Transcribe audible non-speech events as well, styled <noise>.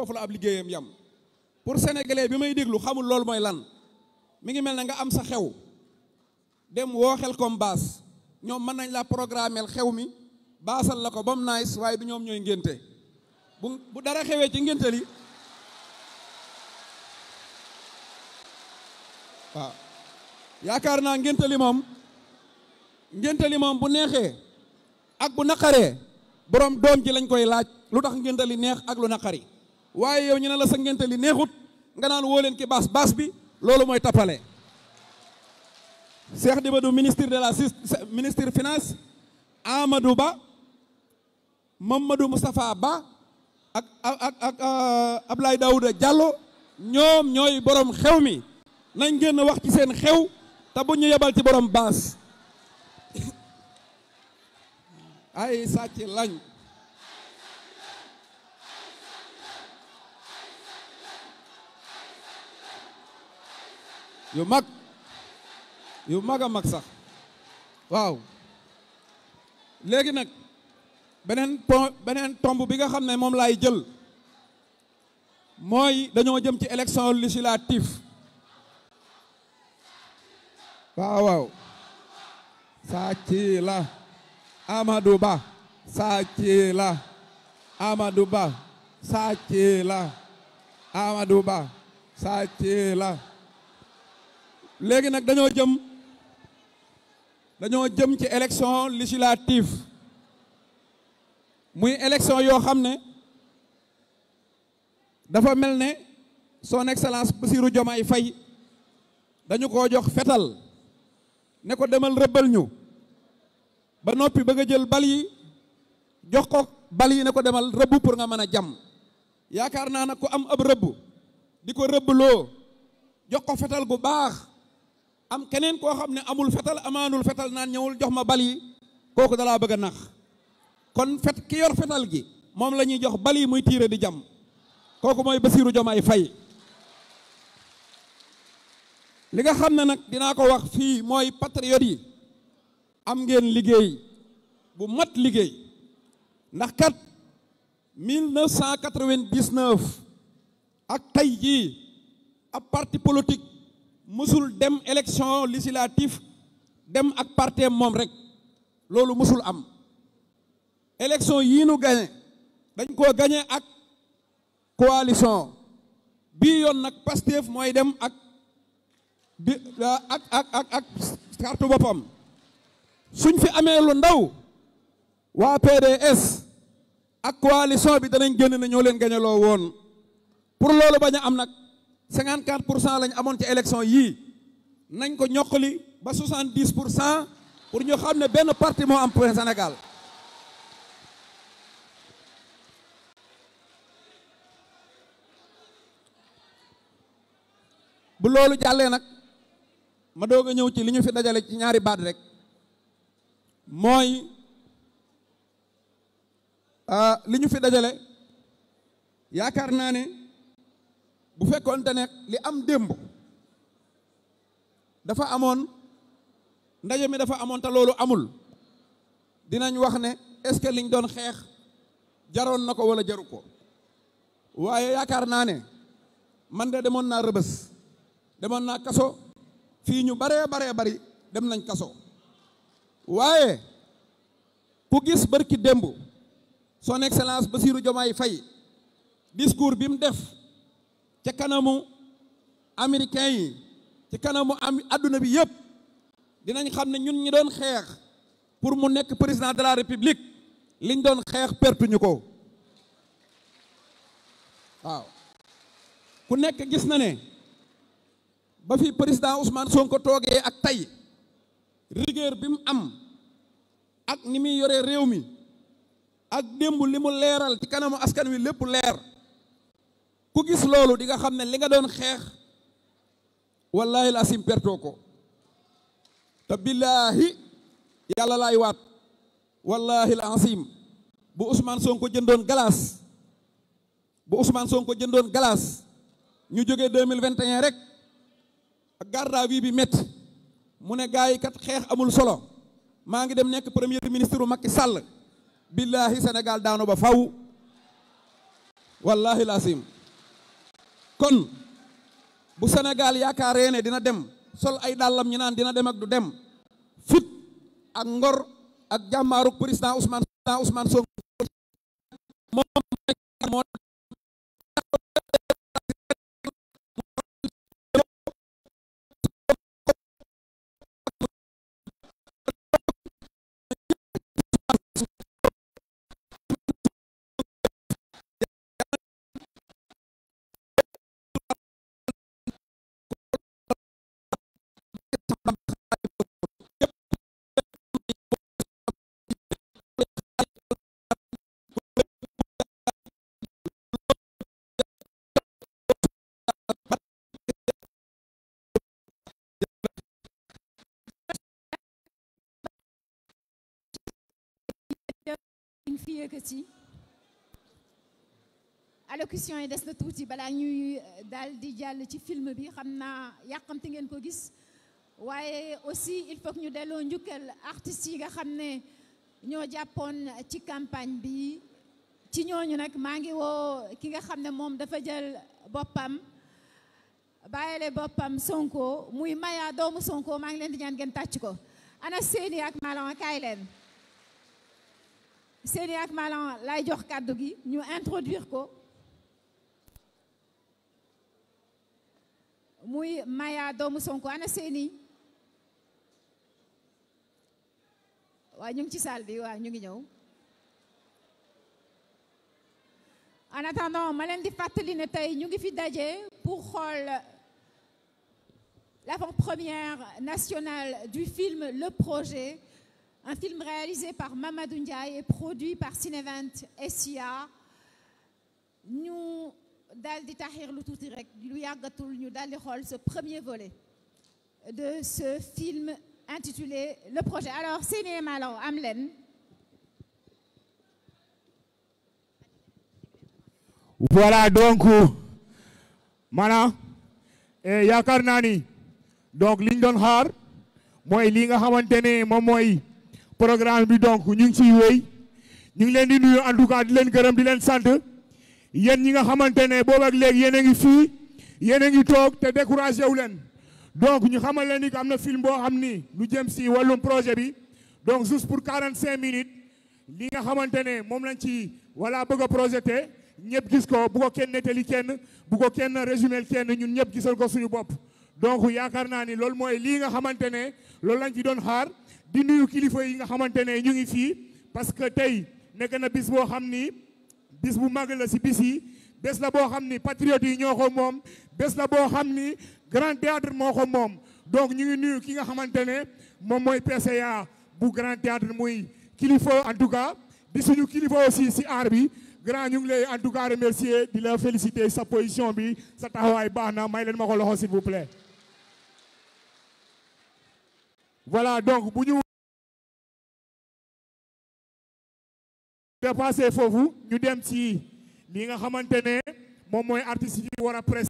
foofu la ab liggéeyam yam pour sénégalais bi may déglu xamul loolu mooy lan mi ngi mel na nga am sa xew dem woo xel comme baas ñoom mën nañ la programmeel xew mi baasal la ko ba mu nice waaye du ñoom ñooy ngénte bu bu dara xewee ci ngénte li waaw yaakaar naa ngénte li moom ngénte li moom bu neexee ak bu naqaree borom doom ji lañ koy laaj lu tax ngénte li neex ak lu naqari waaye yow ñu ne la sa ngénte li neexut nga naan woo leen ki baas baas bi loolu mooy tappale Cheikh Dibadou ministre de la ministre finance Amadou Ba Mamadou Moustapha Ba ak ak ak euh, Ablaye Daouda Diallo ñoom ñooy borom xew mi nañ génn wax ci seen xew te ñu yebal ci borom baas <coughs> ay sàcc lañ yu mag yu mag a mag sax waaw léegi nag beneen po beneen tomb bi nga xam ne moom laay jël mooy dañoo jëm ci élection législative waaw waaw ci la Amadou Ba ci la Amadou Ba ci la Amadou Ba sàcc la léegi nag dañoo jëm dañoo jëm ci élection législative muy élection yoo xam ne dafa mel ne son excellence Bassirou Diomaye Faye dañu ko jox fetal ne ko demal rëbbal ñu ba noppi ba a jël bal yi jox ko bal yi ne ko demal rëbb pour nga mën a jàmm yaakaar naa nag ku am ab rëbb di ko rëbbloo jox ko fetal gu baax am keneen koo xam ne amul fetal amaanul fetal naan ñëwul jox ma bali yi kooku dalaa bëgg a nax kon fet ki yor fetal gi moom la ñuy jox bal yi muy tiire di jam kooku mooy Bassirou Diomaye fay li nga xam ne nag dinaa ko wax fii mooy patriote yi am ngeen liggéey bu mat liggéey ndax kat 1999 ak tay jii ab parti politique mosul dem élection législative dem ak parteem moom rek loolu musul am élection yii nu gañe dañ koo gañe ak coalition bii yoon nag Pastef mooy dem ak bi euh, carte boppam suñ fi amee lu ndaw waa PDS ak coalition bi danañ génn na ñoo leen gañeloo woon pour loolu bañ a am nag 54 pour cent lañ amoon ci élection yii nañ ko ñoqali ba 70 pour cent pour ñu xam ne benn parti moo am point Sénégal. bu loolu jàllee nag ma doog a ñëw ci li ñu fi dajale ci ñaari baat rek mooy ah, li ñu fi dajale yaakaar naa ne. bu fekkoon te ne li am démb dafa amoon ndaje mi dafa amoon te loolu amul dinañ wax ne est-ce que liñ doon xeex jaroon na ko wala jaru ko waaye yaakaar naa ne man de demoon naa rëbës demoon naa kaso fii ñu baree baree bari dem nañ kaso waaye ku gis barki démb son excellence Bassirou Diomaye Faye discours bi mu def ca kanamu américains yi ci kanamu am àdduna bi yëpp dinañ xam ne ñun ñi doon xeex pour mu nekk président de la république liñ doon xeex pertuñu ko waaw ku nekk gis na ne ba fi président Ousmane Sonko toogee ak tey rigueur bi mu am ak ni muy yore réew mi ak démb li mu leeral ci kanamu askan wi lépp leer ku gis loolu di nga xam ne li nga doon xeex wallahi la sim ko te billaahi yàlla laay waat wallahi la asim bu Ousmane Sonko jëndoon galaas bu Ousmane Sonko jëndoon galaas ñu jóge deux mille vingt et rek ak garde bi mett mu ne gars yi kat xeex amul solo maa ngi dem nekk premier ministre Macky Sall billaahi Sénégal daanu ba faw wallahi la asim kon bu Sénégal yaakaaree ne dina dem sol ay dàllam ñu naan dina dem ak du dem fit ak ngor ak jàmmaaruk président Ousmane Ousmane Sonko moom fi yëkkati yi des na tuuti balaa ñuy euh, daldi di jàll ci film bi xam naa yàqamte ngeen ko gis waaye aussi il faut ñu delloo njukkal artistes yi nga xam ne ñoo jàppoon ci campagne bi ci ñooñu nag maa ngi woo ki nga xam ne moom dafa jël boppam bàyyile boppam Sonko muy Maya doomu Sonko maa ngi leen di ñaan ngeen tàcc ko ana Séni ak Malan kaay leen Séni ak Malan lay jox kàddu gi ñu introduire ko muy Maya doomu Sonko ana Séni waa ñu ngi ci salle bi waaw ñu ngi ñëw en attendant ma leen tey ñu ngi fi daje pour xool l'avant-première nationale du film Le Projet un film réalisé par Mamadou Ndiaye et produit par Cinevent SIA ñu daal di taxir lu tuuti rek lu yàggatul ñu daal di xool ce premier volet de ce film intitulé le projet alors Séné Malaw am leen voilà donc euh, maanaam eh, yaakaar naa ni donc liñ doon xaar mooy lii nga xamante ne moom mooy programme bi donc ñu ngi ciy wéy ñu ngi leen di nuyu en tout cas di leen gërëm di leen sant yéen ñi nga xamante ne boobu ak léegi yéen a ngi fii yéen a ngi toog te découragé wu leen donc ñu xamal leen ni am na film boo xam ni lu jëm si wàllum projet bi donc juste pour 45 minutes li nga xamante ne moom lañ ci wala bëgg a projeté ñëpp gis ko bu ko kenn nettali kenn bu ko kenn résumé kenn ñun ñëpp gisal ko suñu bopp. donc yaakaar naa ni loolu mooy lii nga xamante ne loolu lañ ci doon xaar di nuyu kilifa yi nga xamante ne ñu ngi fii parce que tey nekk na bis boo xam ni bis bu mag la si bis yi bés la boo xam ni patriotes yi ñoo ko moom bés la boo xam ni. grand théâtre moo ko moom donc ñu ngi nuyu ki nga xamante ne moom mooy PCA bu grand théâtre muy kilifa en tout cas di suñu kilifa aussi si aar bi grand ñu ngi lay en tout cas remercier di la féliciter sa position bi sa taxawaay baax na may leen ma ko loxo s'il vous plaît voilà donc bu ñu ne